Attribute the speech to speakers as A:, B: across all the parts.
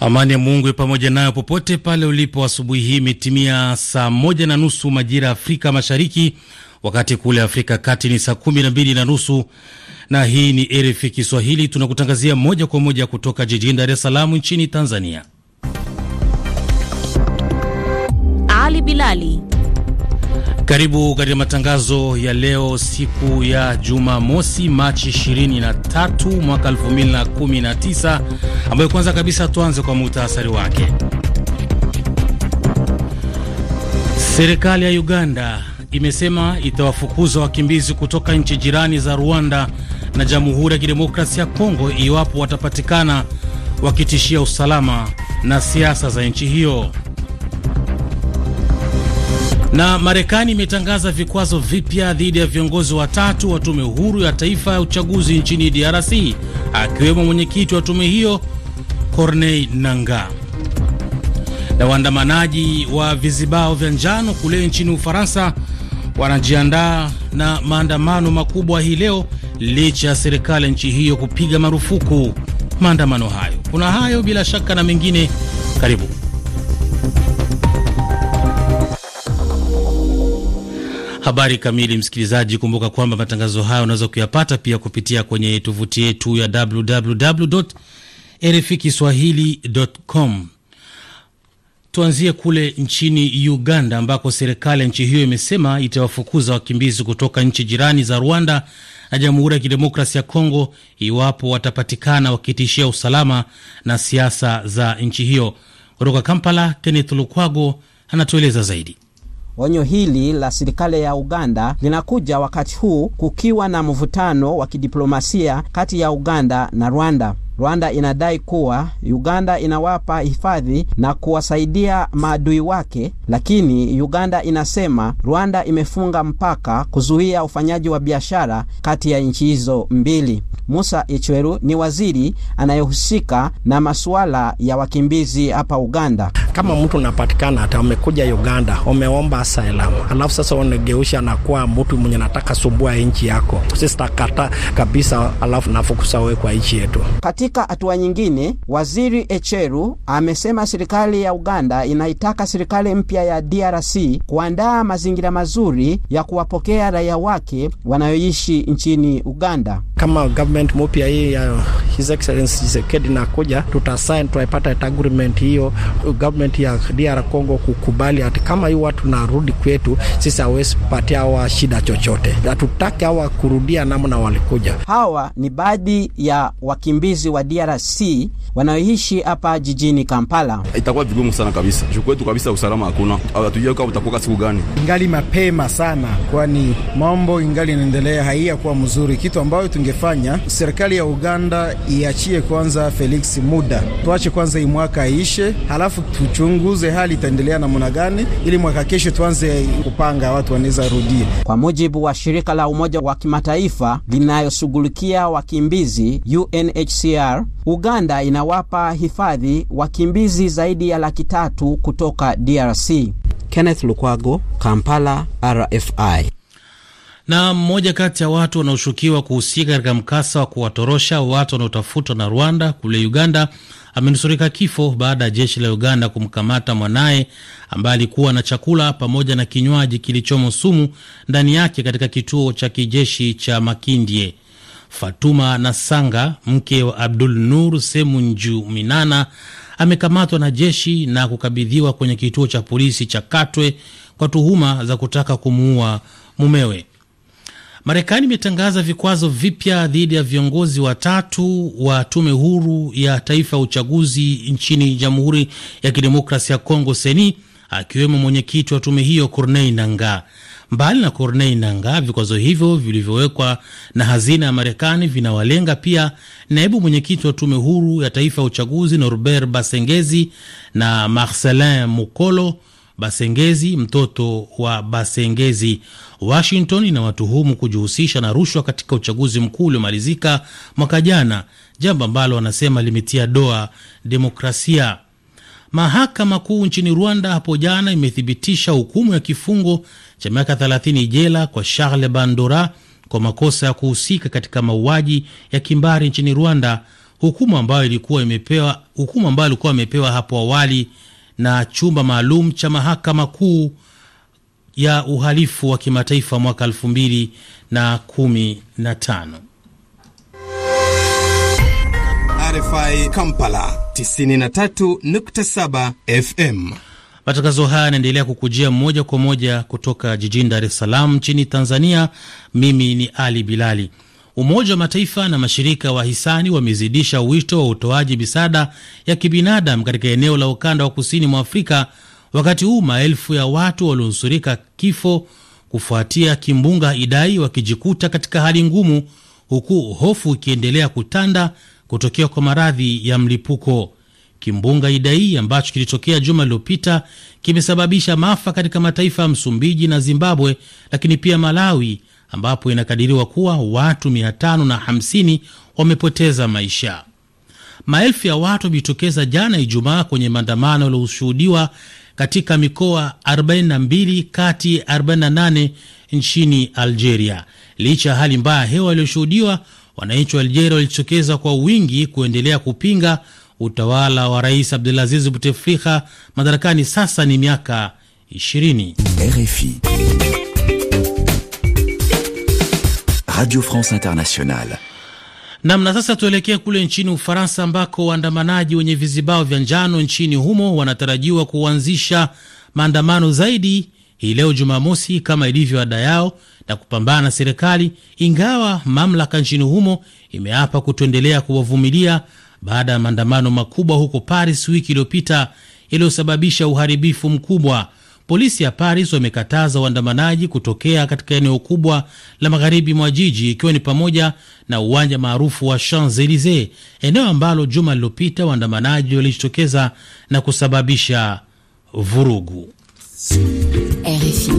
A: Amani ya Mungu pamoja nayo popote pale ulipo. Asubuhi hii imetimia saa moja na nusu majira ya Afrika Mashariki, wakati kule Afrika Kati ni saa kumi na mbili na nusu. Na hii ni RFI Kiswahili, tunakutangazia moja kwa moja kutoka jijini Dar es Salaam nchini Tanzania.
B: Ali Bilali
A: karibu katika matangazo ya leo siku ya Jumamosi Machi 23 mwaka 2019, ambayo kwanza kabisa tuanze kwa muhtasari wake. Serikali ya Uganda imesema itawafukuza wakimbizi kutoka nchi jirani za Rwanda na Jamhuri ya Kidemokrasia ya Kongo iwapo watapatikana wakitishia usalama na siasa za nchi hiyo. Na Marekani imetangaza vikwazo vipya dhidi ya viongozi watatu wa tume huru ya taifa ya uchaguzi nchini DRC, akiwemo mwenyekiti wa tume hiyo corney nanga Na waandamanaji wa vizibao vya njano kule nchini Ufaransa wanajiandaa na maandamano makubwa hii leo licha ya serikali nchi hiyo kupiga marufuku maandamano hayo. Kuna hayo bila shaka na mengine, karibu. Habari kamili, msikilizaji, kumbuka kwamba matangazo haya unaweza kuyapata pia kupitia kwenye tovuti yetu ya www kiswahili.com. Tuanzie kule nchini Uganda ambako serikali ya nchi hiyo imesema itawafukuza wakimbizi kutoka nchi jirani za Rwanda na Jamhuri ya Kidemokrasia ya Kongo iwapo watapatikana wakitishia usalama na siasa za nchi hiyo. Kutoka Kampala, Kenneth Lukwago anatueleza zaidi.
C: Onyo hili la serikali ya Uganda linakuja wakati huu kukiwa na mvutano wa kidiplomasia kati ya Uganda na Rwanda. Rwanda inadai kuwa Uganda inawapa hifadhi na kuwasaidia maadui wake, lakini Uganda inasema Rwanda imefunga mpaka kuzuia ufanyaji wa biashara kati ya nchi hizo mbili. Musa Ichweru ni waziri anayehusika na masuala ya wakimbizi hapa Uganda. Kama mtu unapatikana hata umekuja Uganda
A: umeomba asylum, alafu sasa unageusha nakuwa mtu mwenye nataka sumbua nchi yako, sisi takata kabisa, alafu nafukusa wewe kwa nchi yetu
C: Kati katika hatua nyingine, Waziri Echeru amesema serikali ya Uganda inaitaka serikali mpya ya DRC kuandaa mazingira mazuri ya kuwapokea raia wake wanayoishi nchini Uganda. Kama government mpya hii ya His Excellency Tshisekedi nakuja,
A: tutasaini agreement hiyo, government ya DR Congo kukubali hati kama hii watu narudi kwetu sisi, hawezi kupatia hawa shida chochote. Hatutaki hawa kurudia namna walikuja.
C: Hawa ni baadhi ya wakimbizi wa wa DRC wanaoishi hapa jijini Kampala.
A: Itakuwa vigumu sana kabisa, juu kabisa usalama hakuna, hatujui kama utakuwa siku gani.
C: Ingali mapema sana, kwani mambo ingali inaendelea, haiyakuwa mzuri. Kitu ambayo tungefanya serikali ya Uganda iachie kwanza Felix muda, tuache kwanza hii mwaka halafu tuchunguze hali itaendelea namna gani, ili mwaka kesho tuanze kupanga watu wanaweza rudia. Kwa mujibu wa shirika la Umoja wa Kimataifa linayoshughulikia wakimbizi UNHCR DR, Uganda inawapa hifadhi wakimbizi zaidi ya laki tatu kutoka DRC. Kenneth
A: Lukwago, Kampala, RFI. Na mmoja kati ya watu wanaoshukiwa kuhusika katika mkasa wa kuwatorosha watu wanaotafutwa na Rwanda kule Uganda amenusurika kifo baada ya jeshi la Uganda kumkamata mwanaye ambaye alikuwa na chakula pamoja na kinywaji kilichomo sumu ndani yake katika kituo cha kijeshi cha Makindye. Fatuma Nasanga, mke wa Abdul Nur Semunju Minana, amekamatwa na jeshi na kukabidhiwa kwenye kituo cha polisi cha Katwe kwa tuhuma za kutaka kumuua mumewe. Marekani imetangaza vikwazo vipya dhidi ya viongozi watatu wa tume huru ya taifa ya uchaguzi nchini Jamhuri ya Kidemokrasia ya Kongo, seni akiwemo mwenyekiti wa tume hiyo Corneille Nangaa. Mbali na Corneille nanga vikwazo hivyo vilivyowekwa na hazina ya Marekani vinawalenga pia naibu mwenyekiti wa tume huru ya taifa ya uchaguzi Norbert Basengezi na Marcelin Mukolo Basengezi, mtoto wa Basengezi. Washington inawatuhumu kujihusisha na rushwa katika uchaguzi mkuu uliomalizika mwaka jana, jambo ambalo wanasema limetia doa demokrasia. Mahakama Kuu nchini Rwanda hapo jana imethibitisha hukumu ya kifungo cha miaka 30 jela kwa Charles Bandora kwa makosa ya kuhusika katika mauaji ya kimbari nchini Rwanda, hukumu ambayo ilikuwa imepewa hukumu ambayo alikuwa amepewa hapo awali na chumba maalum cha Mahakama Kuu ya uhalifu wa kimataifa mwaka 2015. RFI Kampala 93.7 FM. Matangazo haya yanaendelea kukujia moja kwa moja kutoka jijini Dar es Salaam nchini Tanzania. Mimi ni Ali Bilali. Umoja wa Mataifa na mashirika wa hisani wamezidisha wito wa utoaji misaada ya kibinadamu katika eneo la ukanda wa kusini mwa Afrika, wakati huu maelfu ya watu walionusurika kifo kufuatia kimbunga Idai wakijikuta katika hali ngumu, huku hofu ikiendelea kutanda kutokea kwa maradhi ya mlipuko. Kimbunga Idai ambacho kilitokea juma lililopita kimesababisha maafa katika mataifa ya Msumbiji na Zimbabwe, lakini pia Malawi ambapo inakadiriwa kuwa watu 550 wamepoteza maisha. Maelfu ya watu wamejitokeza jana Ijumaa kwenye maandamano yaliyoshuhudiwa katika mikoa 42 kati 48 nchini Algeria. Licha ya hali mbaya ya hewa iliyoshuhudiwa, Wananchi wa Algeria walijitokeza kwa wingi kuendelea kupinga utawala wa Rais Abdulaziz Buteflika madarakani sasa ni miaka 20. RFI
D: Radio France
E: Internationale.
A: Nam, na sasa tuelekee kule nchini Ufaransa ambako waandamanaji wenye vizibao vya njano nchini humo wanatarajiwa kuanzisha maandamano zaidi hii leo Jumamosi kama ilivyo ada yao na kupambana na serikali, ingawa mamlaka nchini humo imeapa kutoendelea kuwavumilia baada ya maandamano makubwa huko Paris wiki iliyopita yaliyosababisha uharibifu mkubwa. Polisi ya Paris wamekataza waandamanaji kutokea katika eneo kubwa la magharibi mwa jiji ikiwa ni pamoja na uwanja maarufu wa Champs Elysees, eneo ambalo juma lililopita waandamanaji walijitokeza na kusababisha vurugu.
D: RFI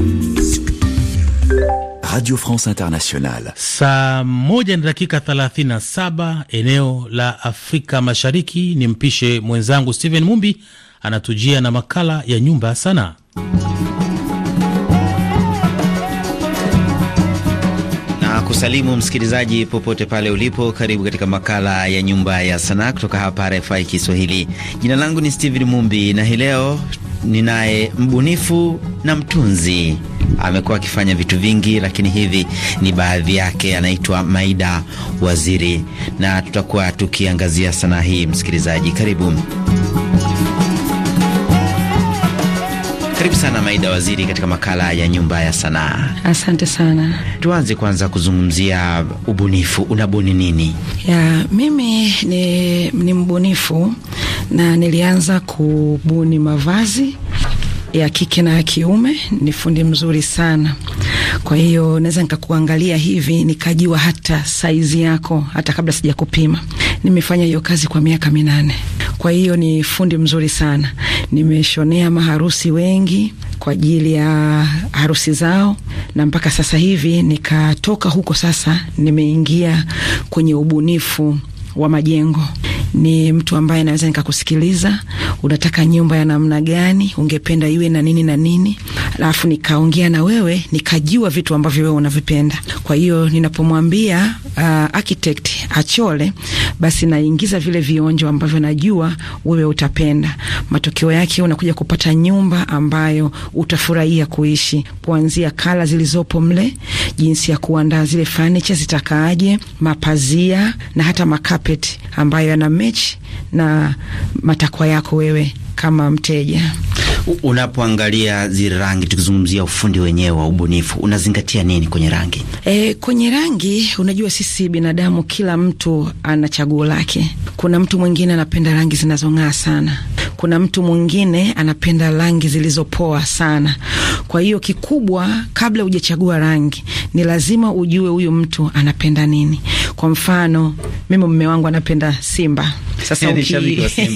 A: Radio France Internationale. Saa moja na dakika 37 eneo la Afrika Mashariki, ni mpishe mwenzangu Steven Mumbi anatujia na makala ya nyumba ya sanaa. kusalimu
E: msikilizaji popote pale ulipo, karibu katika makala ya nyumba ya sanaa kutoka hapa RFI Kiswahili. Jina langu ni Steven Mumbi na hii leo ninaye mbunifu na mtunzi, amekuwa akifanya vitu vingi, lakini hivi ni baadhi yake. Anaitwa Maida Waziri na tutakuwa tukiangazia sanaa hii. Msikilizaji, karibu. Karibu sana Maida Waziri katika makala ya Nyumba ya Sanaa.
F: Asante sana. Tuanze
E: kwanza kuzungumzia ubunifu. Unabuni nini?
F: Ya, mimi ni, ni mbunifu na nilianza kubuni mavazi ya kike na ya kiume. Ni fundi mzuri sana, kwa hiyo naweza nikakuangalia hivi nikajua hata saizi yako hata kabla sijakupima. Nimefanya hiyo kazi kwa miaka minane. Kwa hiyo ni fundi mzuri sana. Nimeshonea maharusi wengi kwa ajili ya harusi zao, na mpaka sasa hivi nikatoka huko, sasa nimeingia kwenye ubunifu wa majengo. Ni mtu ambaye naweza nikakusikiliza, unataka nyumba ya namna gani, ungependa iwe na nini na nini, alafu nikaongea na wewe nikajua vitu ambavyo wewe unavipenda. Kwa hiyo ninapomwambia uh, architect achole, basi naingiza vile vionjo ambavyo najua wewe utapenda. Matokeo yake unakuja kupata nyumba ambayo utafurahia kuishi, kuanzia kala zilizopo mle, jinsi ya kuandaa zile fanicha zitakaaje, mapazia na hata makapeti ambayo yana mechi na matakwa yako wewe kama mteja.
E: Unapoangalia zile rangi, tukizungumzia ufundi wenyewe wa ubunifu, unazingatia nini kwenye rangi?
F: E, kwenye rangi, unajua sisi binadamu, kila mtu ana chaguo lake. Kuna mtu mwingine anapenda rangi zinazong'aa sana, kuna mtu mwingine anapenda rangi zilizopoa sana. Kwa hiyo kikubwa, kabla hujachagua rangi, ni lazima ujue huyu mtu anapenda nini. Kwa mfano, mimi mume wangu anapenda simba sasa yaani uki...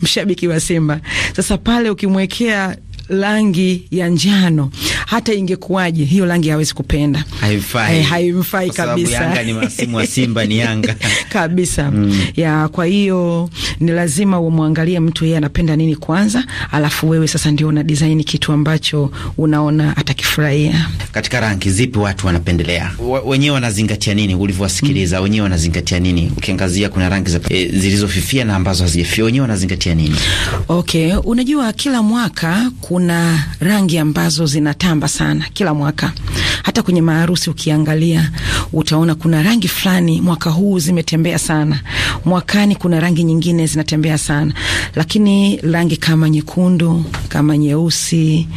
F: mshabiki wa Simba sasa pale ukimwekea rangi ya njano, hata ingekuwaje hiyo rangi hawezi kupenda,
E: haifai, eh,
F: haimfai kabisa. Yanga ni
E: msimu wa Simba ni Yanga
F: kabisa mm. ya kwa hiyo ni lazima umwangalie mtu yeye anapenda nini kwanza, alafu wewe sasa ndio una design kitu ambacho unaona atakifurahia.
E: Katika rangi zipi watu wanapendelea wenyewe, wanazingatia nini ulivyowasikiliza? mm. wenyewe wanazingatia nini? Ukiangazia kuna rangi za e, zilizofifia na ambazo hazijafia, wenyewe wanazingatia nini?
F: Okay, unajua kila mwaka kuna kuna rangi ambazo zinatamba sana kila mwaka. Hata kwenye maharusi ukiangalia, utaona kuna rangi fulani mwaka huu zimetembea sana, mwakani kuna rangi nyingine zinatembea sana, lakini rangi kama nyekundu, kama nyeusi,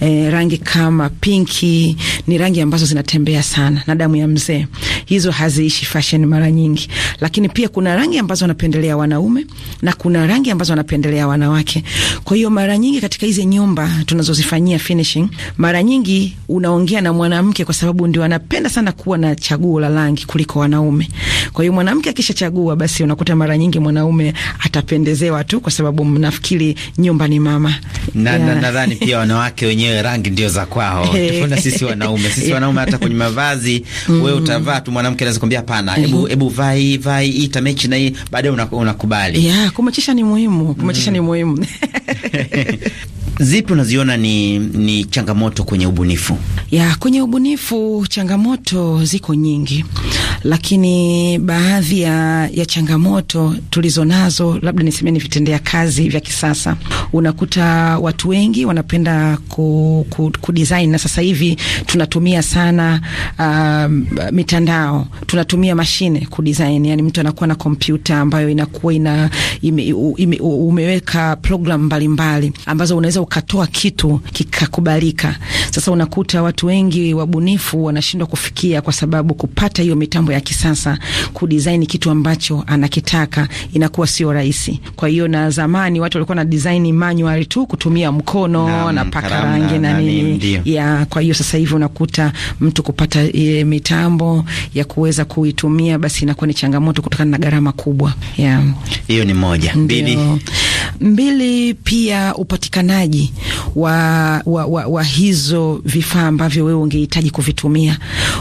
F: eh, rangi kama pinki ni rangi ambazo zinatembea sana na damu ya mzee hizo haziishi fashion mara nyingi, lakini pia kuna rangi ambazo wanapendelea wanaume na kuna rangi ambazo wanapendelea wanawake. Kwa hiyo mara nyingi katika hizi nyumba tunazozifanyia finishing, mara nyingi unaongea na mwanamke, kwa sababu ndio anapenda sana kuwa na chaguo la rangi kuliko wanaume. Kwa hiyo mwanamke akishachagua, basi unakuta mara nyingi mwanaume atapendezewa tu, kwa sababu mnafikiri nyumba ni mama na yeah. nadhani
E: na, pia wanawake wenyewe rangi ndio za kwao, tofauti sisi wanaume. Sisi wanaume hata kwenye mavazi mm. wewe utavaa tu mwanamke anaweza kuambia hapana, hebu mhm. hebu vai vai ita mechi na hii, baadaye unakubali. Yeah,
F: kumechisha ni muhimu, kumechisha mm. ni muhimu
E: Zipi unaziona ni, ni changamoto kwenye ubunifu?
F: Ya, kwenye ubunifu changamoto ziko nyingi, lakini baadhi ya, ya changamoto tulizonazo labda niseme ni vitendea kazi vya kisasa. Unakuta watu wengi wanapenda ku, ku, ku design na sasa hivi tunatumia sana uh, mitandao, tunatumia mashine ku design, yani mtu anakuwa na kompyuta ambayo inakuwa ina, ime, ime, umeweka program mbalimbali ambazo unaweza ukatoa kitu kikakubalika. Sasa unakuta watu wengi wabunifu wanashindwa kufikia kwa sababu kupata hiyo mitambo ya kisasa kudizaini kitu ambacho anakitaka inakuwa sio rahisi. Kwa hiyo na zamani watu walikuwa na dizaini manual tu kutumia mkono na paka rangi na nini ya. Kwa hiyo sasa hivi unakuta mtu kupata e, mitambo ya kuweza kuitumia basi inakuwa ni changamoto kutokana na gharama kubwa.
E: Hiyo ni moja. Mbili,
F: mbili pia upatikanaji upatikanaji wa, wa, wa, wa hizo vifaa ambavyo wewe ungehitaji kuvitumia.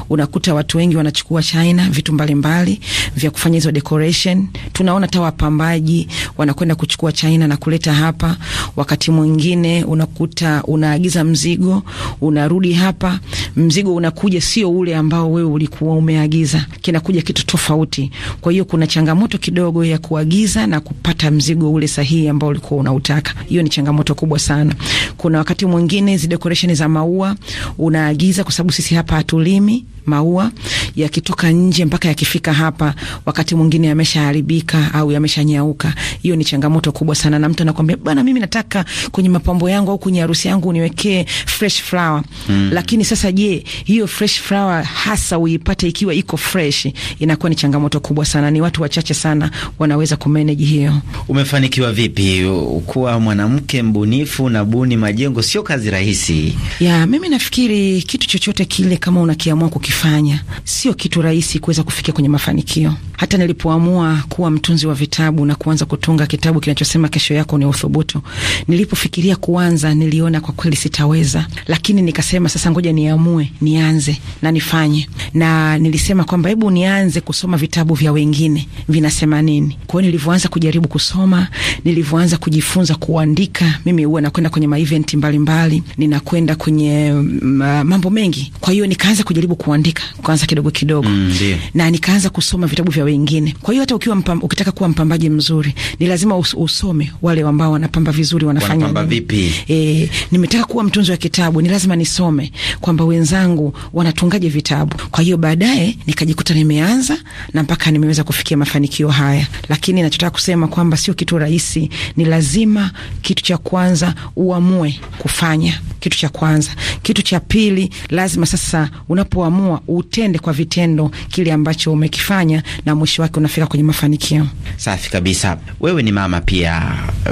F: Unakuta watu wengi wanachukua China vitu mbalimbali mbali, vya kufanya hizo decoration. Tunaona hata wapambaji wanakwenda kuchukua China na kuleta hapa. Wakati mwingine unakuta unaagiza mzigo, unarudi hapa, mzigo unakuja sio ule ambao wewe ulikuwa umeagiza, kinakuja kitu tofauti. Kwa hiyo kuna changamoto kidogo ya kuagiza na kupata mzigo ule sahihi ambao ulikuwa unautaka. Hiyo ni changamoto kubwa sana sana. Kuna wakati mwingine hizi decoration za maua unaagiza, kwa sababu sisi hapa hatulimi maua yakitoka nje mpaka yakifika hapa, wakati mwingine yameshaharibika au yameshanyauka. Hiyo ni changamoto kubwa sana, na mtu anakwambia bana, mimi nataka kwenye mapambo yangu au kwenye harusi yangu uniwekee fresh flower mm. Lakini sasa, je, hiyo fresh flower hasa uipate ikiwa iko fresh? Inakuwa ni changamoto kubwa sana, ni watu wachache sana wanaweza kumanage hiyo. Umefanikiwa
E: vipi kuwa mwanamke mbunifu na buni majengo? Sio kazi rahisi
F: ya, mimi nafikiri kitu chochote kile kama unakiamua kukifanya tunachokifanya sio kitu rahisi kuweza kufikia kwenye mafanikio. Hata nilipoamua kuwa mtunzi wa vitabu na kuanza kutunga kitabu kinachosema kesho yako ni uthubutu, nilipofikiria kuanza, niliona kwa kweli sitaweza, lakini nikasema sasa, ngoja niamue, nianze na nifanye. Na nilisema kwamba hebu nianze kusoma vitabu vya wengine vinasema nini. Kwa hiyo nilivyoanza kujaribu kusoma, nilivyoanza kujifunza kuandika, mimi huwa nakwenda kwenye maeventi mbalimbali, ninakwenda kwenye mm, ah, mambo mengi. Kwa hiyo nikaanza kujaribu kuandika kwanza kidogo kidogo, mm, na nikaanza kusoma vitabu vya wengine. Kwa hiyo hata ukiwa mpam, ukitaka kuwa mpambaji mzuri ni lazima us, usome wale ambao wanapamba vizuri wanafanya wanapamba vipi. E, nimetaka kuwa mtunzi wa kitabu ni lazima nisome kwamba wenzangu wanatungaje vitabu. Kwa hiyo baadaye nikajikuta nimeanza na mpaka nimeweza kufikia mafanikio haya, lakini nachotaka kusema kwamba sio kitu rahisi. Ni lazima kitu cha kwanza uamue kufanya kitu cha kwanza. Kitu cha pili lazima sasa unapoamua utende kwa vitendo kile ambacho umekifanya na mwisho wake unafika kwenye mafanikio.
E: Safi kabisa. Wewe ni mama pia,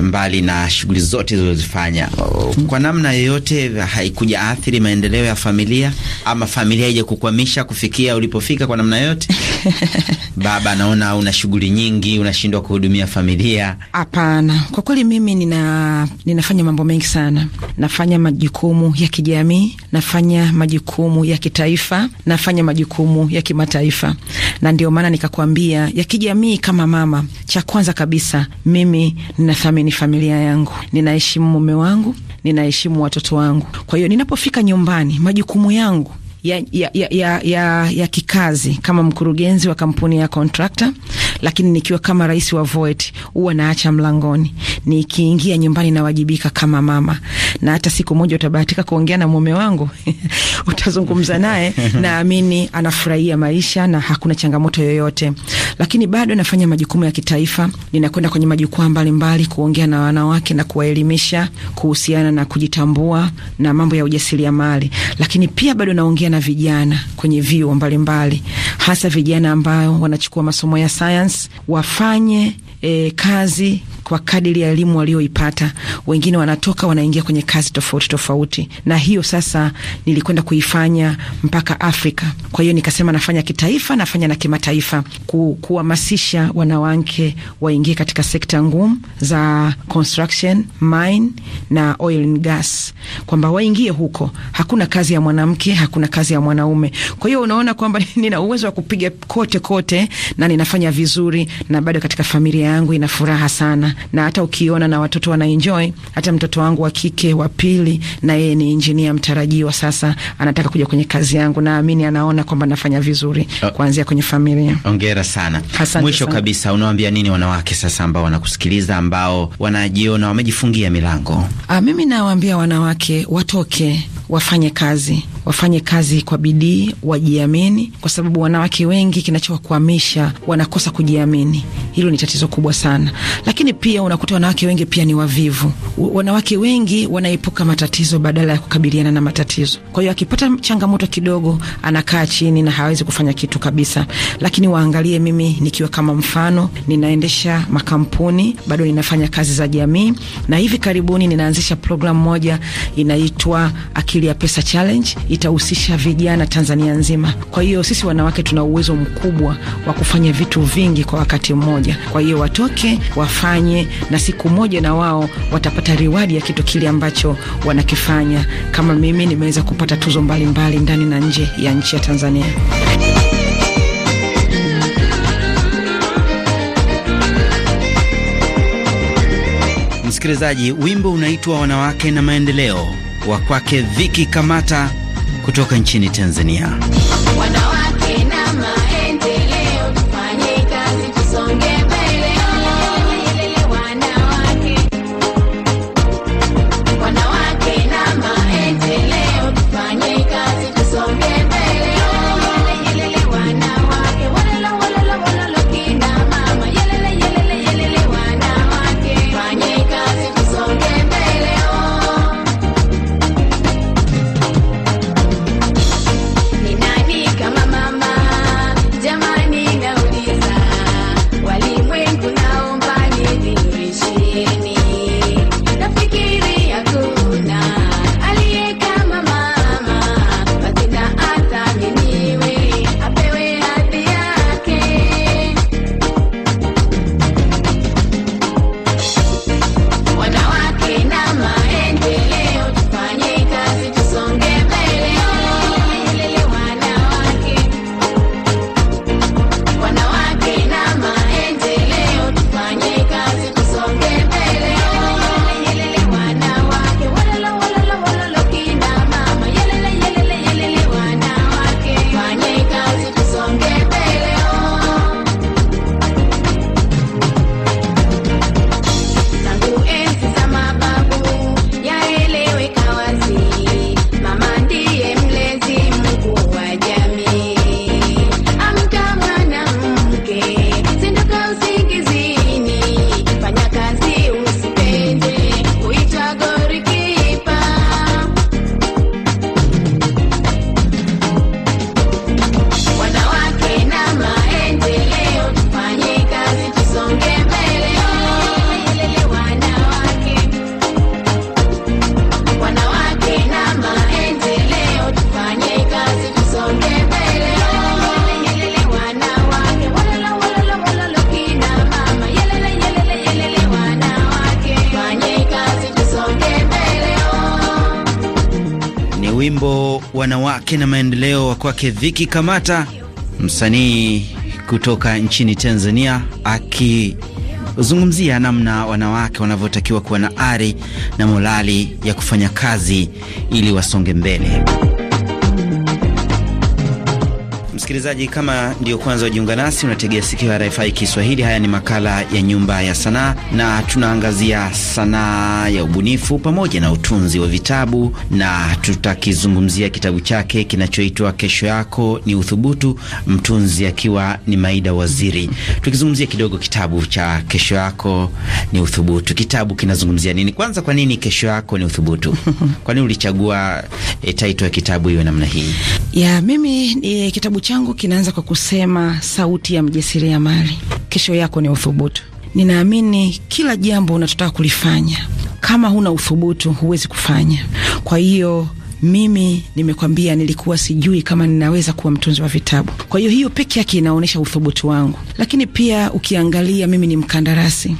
E: mbali na shughuli zote zilizozifanya, kwa namna yoyote haikuja athiri maendeleo ya familia ama familia ije kukwamisha kufikia ulipofika kwa namna yoyote? Baba naona una shughuli nyingi, unashindwa kuhudumia familia?
F: Hapana, kwa kweli mimi nina, ninafanya mambo mengi sana. Nafanya majukumu ya kijamii, nafanya majukumu ya kitaifa, nafanya majukumu ya kimataifa, na ndio maana nikakwambia kuambia ya kijamii kama mama. Cha kwanza kabisa, mimi ninathamini familia yangu, ninaheshimu mume wangu, ninaheshimu watoto wangu. Kwa hiyo ninapofika nyumbani, majukumu yangu ya, ya, ya, ya, ya kikazi kama mkurugenzi wa kampuni ya kontrakta, lakini nikiwa kama rais wa VOET huwa naacha mlangoni. Nikiingia nyumbani nawajibika kama mama, na hata siku moja utabahatika kuongea na mume wangu utazungumza naye, naamini anafurahia maisha na hakuna changamoto yoyote. Lakini bado nafanya majukumu ya kitaifa, ninakwenda kwenye majukwaa mbalimbali kuongea na wanawake na kuwaelimisha kuhusiana na kujitambua na mambo ya ujasiriamali, lakini pia bado naongea na vijana kwenye vyuo mbalimbali, hasa vijana ambao wanachukua masomo ya sayansi wafanye e, kazi kwa kadiri ya elimu walioipata. Wengine wanatoka wanaingia kwenye kazi tofauti tofauti, na hiyo sasa nilikwenda kuifanya mpaka Afrika. Kwa hiyo nikasema nafanya kitaifa, nafanya na kimataifa, ku, kuhamasisha wanawake waingie katika sekta ngumu za construction, mine na oil and gas, kwamba waingie huko. Hakuna kazi ya mwanamke, hakuna kazi ya mwanaume. Kwa hiyo unaona kwamba nina uwezo wa kupiga kote kote na ninafanya vizuri, na bado katika familia yangu ina furaha sana na hata ukiona na watoto wanaenjoy. Hata mtoto wangu wa kike wa pili, na yeye ni injinia mtarajiwa, sasa anataka kuja kwenye kazi yangu, naamini anaona kwamba nafanya vizuri kuanzia kwenye familia.
E: Hongera sana. Asante mwisho sana. Kabisa, unawaambia nini wanawake sasa ambao wanakusikiliza ambao wanajiona wamejifungia milango?
F: A, ah, mimi nawaambia wanawake watoke, wafanye kazi wafanye kazi kwa bidii, wajiamini, kwa sababu wanawake wengi kinachowakwamisha wanakosa kujiamini. Hilo ni tatizo kubwa sana, lakini pia unakuta wanawake wengi pia ni wavivu. Wanawake wengi wanaepuka matatizo badala ya kukabiliana na matatizo. Kwa hiyo akipata changamoto kidogo anakaa chini na hawezi kufanya kitu kabisa. Lakini waangalie, mimi nikiwa kama mfano, ninaendesha makampuni, bado ninafanya kazi za jamii, na hivi karibuni ninaanzisha programu moja inaitwa Akili ya Pesa Challenge, itahusisha vijana Tanzania nzima. Kwa hiyo sisi wanawake tuna uwezo mkubwa wa kufanya vitu vingi kwa wakati mmoja. Kwa hiyo watoke wafanye wafanye, na siku moja na wao watapata riwadi ya kitu kile ambacho wanakifanya. Kama mimi nimeweza kupata tuzo mbalimbali mbali, ndani na nje ya nchi ya Tanzania.
E: Msikilizaji, wimbo unaitwa Wanawake na Maendeleo wa kwake Viki Kamata kutoka nchini Tanzania. wanawake na maendeleo wa kwake Viki Kamata, msanii kutoka nchini Tanzania, akizungumzia namna wanawake wanavyotakiwa kuwa na ari na morali ya kufanya kazi ili wasonge mbele. Msikilizaji, kama ndio kwanza wajiunga nasi, unategea sikio ya RFI Kiswahili. Haya ni makala ya Nyumba ya Sanaa na tunaangazia sanaa ya ubunifu pamoja na utunzi wa vitabu, na tutakizungumzia kitabu chake kinachoitwa Kesho Yako ni Uthubutu, mtunzi akiwa ni Maida Waziri. Tukizungumzia kidogo kitabu cha Kesho Yako ni Uthubutu, kitabu kinazungumzia nini? Kwanza, kwa nini Kesho Yako ni Uthubutu? Kwa nini ulichagua e, title ya kitabu hiyo namna hii?
F: Yeah, mimi e, kitabu cha changu kinaanza kwa kusema sauti ya mjasiriamali. Kesho yako ni uthubutu. Ninaamini kila jambo unatotaka kulifanya, kama huna uthubutu huwezi kufanya. Kwa hiyo mimi nimekwambia, nilikuwa sijui kama ninaweza kuwa mtunzi wa vitabu. Kwa hiyo hiyo peke yake inaonyesha uthubutu wangu, lakini pia ukiangalia, mimi ni mkandarasi.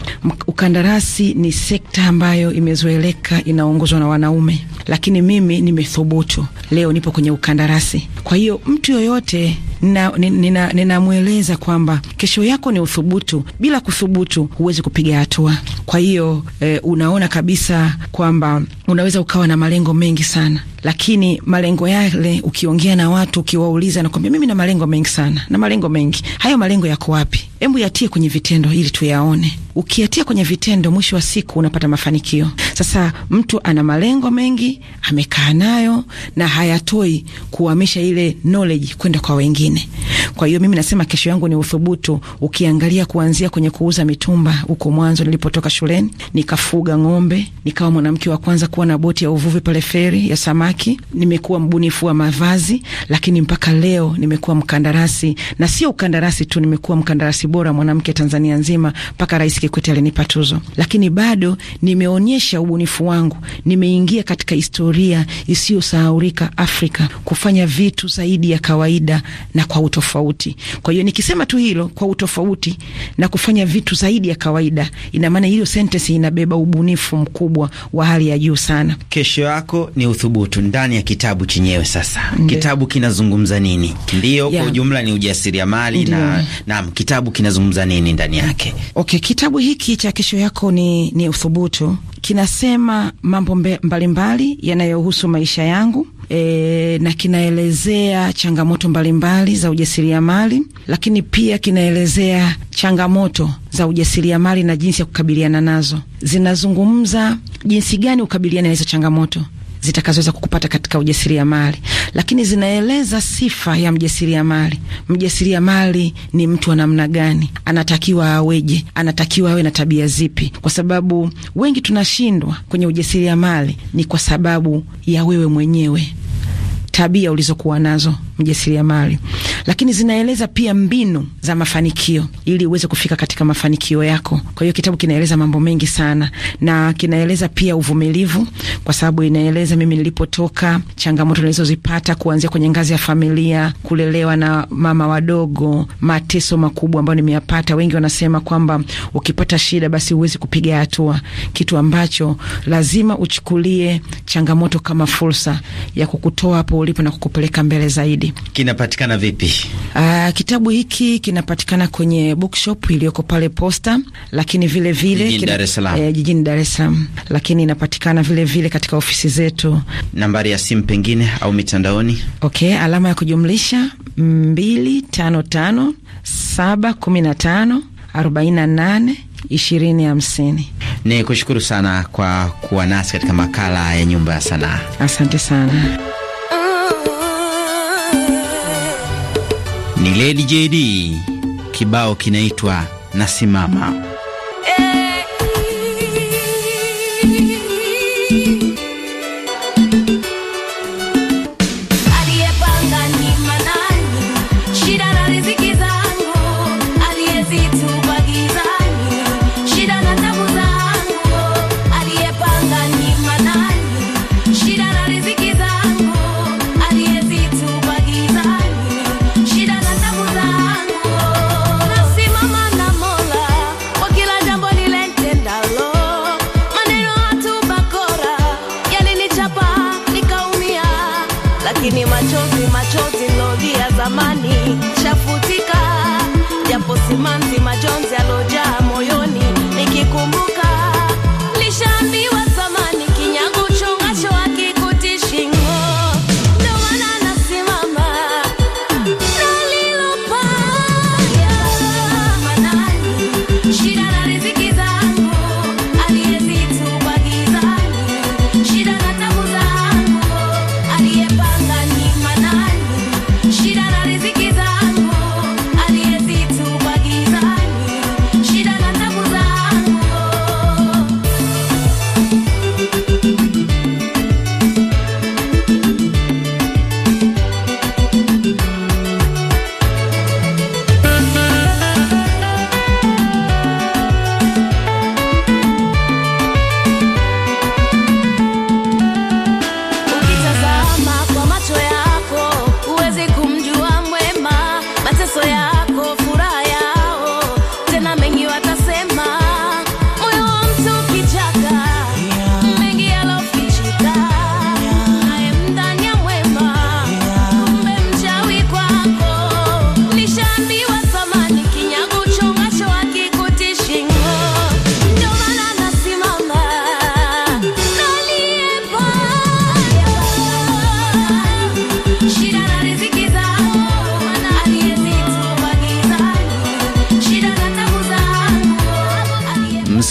F: Ukandarasi ni sekta ambayo imezoeleka inaongozwa na wanaume, lakini mimi nimethubutu. Leo nipo kwenye ukandarasi, kwa hiyo mtu yoyote ninamweleza nina, nina kwamba kesho yako ni uthubutu. Bila kuthubutu huwezi kupiga hatua. Kwa hiyo e, unaona kabisa kwamba unaweza ukawa na malengo mengi sana, lakini malengo yale ukiongea na watu ukiwauliza, nakwambia mimi na malengo mengi sana na malengo mengi, hayo malengo yako wapi? Hebu yatie kwenye vitendo ili tuyaone. Ukiatia kwenye vitendo, mwisho wa siku unapata mafanikio. Sasa mtu ana malengo mengi, amekaa nayo na hayatoi kuhamisha ile knowledge kwenda kwa wengine. Kwa hiyo mimi nasema kesho yangu ni uthubutu. Ukiangalia kuanzia kwenye kuuza mitumba, huko mwanzo nilipotoka shuleni, nikafuga ng'ombe, nikawa mwanamke wa kwanza kuwa na boti ya uvuvi pale feri ya samaki. Nimekuwa mbunifu wa mavazi, lakini mpaka leo nimekuwa mkandarasi, na sio ukandarasi tu, nimekuwa mkandarasi kiongozi bora mwanamke Tanzania nzima, mpaka Rais Kikwete alinipa tuzo. Lakini bado nimeonyesha ubunifu wangu, nimeingia katika historia isiyosahaulika Afrika kufanya vitu zaidi ya kawaida na kwa utofauti. Kwa hiyo nikisema tu hilo, kwa utofauti na kufanya vitu zaidi ya kawaida, ina maana hiyo sentensi inabeba ubunifu mkubwa wa hali ya juu sana.
E: Kesho yako ni uthubutu ndani ya kitabu chenyewe. Sasa Nde. kitabu kinazungumza nini? Ndio, yeah. kwa ujumla ni ujasiriamali na, na kitabu kinazungumza nini ndani yake?
F: Okay, kitabu hiki cha Kesho Yako ni, ni uthubutu kinasema mambo mbalimbali yanayohusu maisha yangu e, na kinaelezea changamoto mbalimbali mbali za ujasiriamali, lakini pia kinaelezea changamoto za ujasiriamali na jinsi ya kukabiliana nazo. Zinazungumza jinsi gani ukabiliane na hizo changamoto, zitakazoweza kukupata katika ujasiriamali, lakini zinaeleza sifa ya mjasiriamali. Mjasiriamali ni mtu wa namna gani? Anatakiwa aweje? Anatakiwa awe na tabia zipi? Kwa sababu wengi tunashindwa kwenye ujasiriamali ni kwa sababu ya wewe mwenyewe tabia ulizokuwa nazo mjasiriamali, lakini zinaeleza pia mbinu za mafanikio ili uweze kufika katika mafanikio yako. Kwa hiyo kitabu kinaeleza mambo mengi sana, na kinaeleza pia uvumilivu, kwa sababu inaeleza mimi nilipotoka, changamoto nilizozipata kuanzia kwenye ngazi ya familia, kulelewa na mama wadogo, mateso makubwa ambayo nimeyapata. Wengi wanasema kwamba ukipata shida basi huwezi kupiga hatua, kitu ambacho lazima uchukulie changamoto kama fursa ya kukutoa hapo ulipo na kukupeleka mbele zaidi.
E: Kinapatikana vipi?
F: Aa, ah, kitabu hiki kinapatikana kwenye bookshop iliyoko pale Posta, lakini vile vile eh, jijini Dar es Salaam, lakini inapatikana vile vile katika ofisi zetu.
E: Nambari ya simu pengine au
F: mitandaoni? Okay, alama ya kujumlisha 255 715 48 ishirini hamsini.
E: Ni kushukuru sana kwa kuwa nasi katika makala ya Nyumba ya Sanaa.
F: Asante sana.
E: ni Lady JD, kibao kinaitwa Nasimama.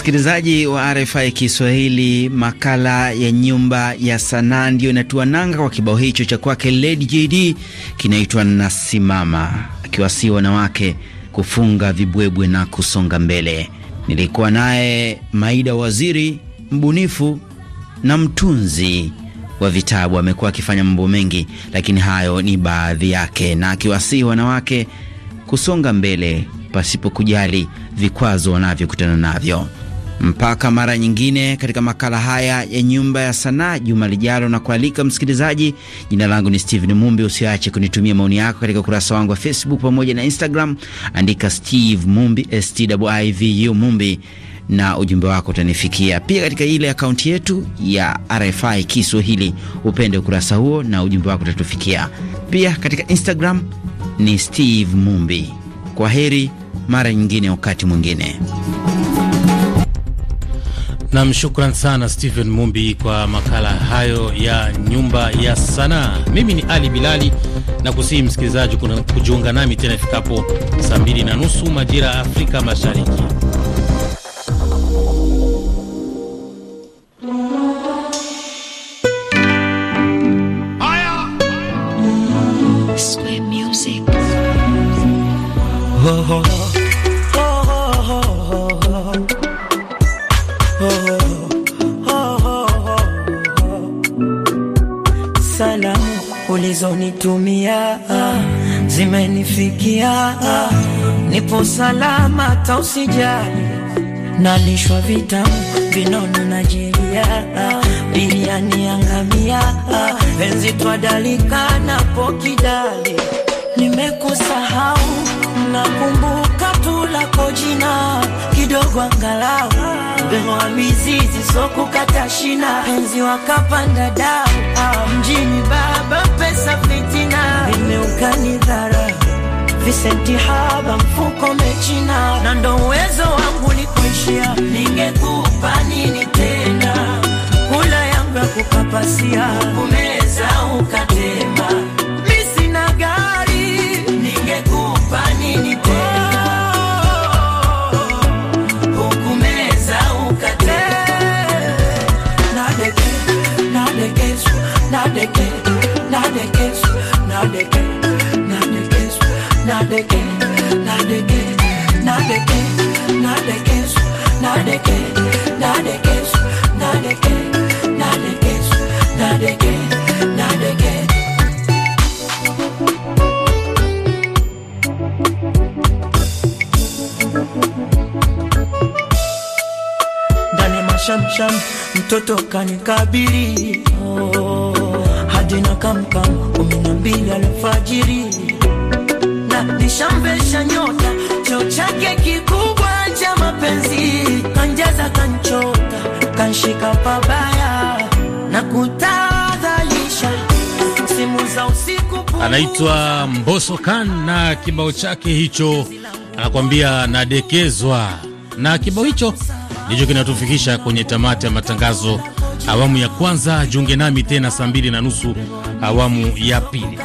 E: Msikilizaji wa RFI Kiswahili, makala ya nyumba ya sanaa ndiyo inatua nanga kwa kibao hicho cha kwake Lady JD kinaitwa Nasimama, akiwasii wanawake kufunga vibwebwe na kusonga mbele. Nilikuwa naye Maida Waziri, mbunifu na mtunzi wa vitabu. Amekuwa akifanya mambo mengi, lakini hayo ni baadhi yake, na akiwasii wanawake kusonga mbele pasipo kujali vikwazo wanavyokutana navyo. Mpaka mara nyingine katika makala haya ya Nyumba ya Sanaa juma lijalo, na kualika msikilizaji. Jina langu ni Steven Mumbi. Usiache kunitumia maoni yako katika ukurasa wangu wa Facebook pamoja na Instagram, andika Steve Mumbi, Stivu Mumbi, na ujumbe wako utanifikia. Pia katika ile akaunti yetu ya RFI Kiswahili upende ukurasa huo, na ujumbe wako utatufikia pia. Katika Instagram ni Steve Mumbi. Kwa heri,
A: mara nyingine, wakati mwingine. Nam, shukran sana Stephen Mumbi kwa makala hayo ya nyumba ya sanaa. Mimi ni Ali Bilali na kusihi msikilizaji kujiunga nami tena ifikapo saa mbili na nusu majira ya Afrika Mashariki.
D: zimenifikia, nipo salama, tausijali, nalishwa vitamu vinono na jeria, biriani yangamia, enzi twadalika na pokidali, nimekusahau nakumbuka tu lako jina kidogo, angalau wa mizizi, so kukata shina. Penzi wakapanda dau ah, mjini, baba pesa fitina, vimeukani dhara visenti haba mfuko mechina, na ndo uwezo wangu nikuishia. Ningekupa nini tena? Kula yangu ya kupapasia, kumeza ukatema they kiss, now they kiss, now they kiss, now they kiss, now they kiss, now they kiss, now they kiss, now they kiss, now they kiss, now they kiss, now they kiss, oh. nje na kamkam kumi na mbili alfajiri na nishampesha nyota cho chake kikubwa cha mapenzi kanjaza kanchota kanshika pabaya na kutadhalisha simu za usiku
A: anaitwa Mbosso Khan na kibao chake hicho anakuambia nadekezwa na kibao hicho ndicho kinatufikisha kwenye tamati ya matangazo awamu ya kwanza. Jiunge nami tena saa mbili na nusu awamu ya pili.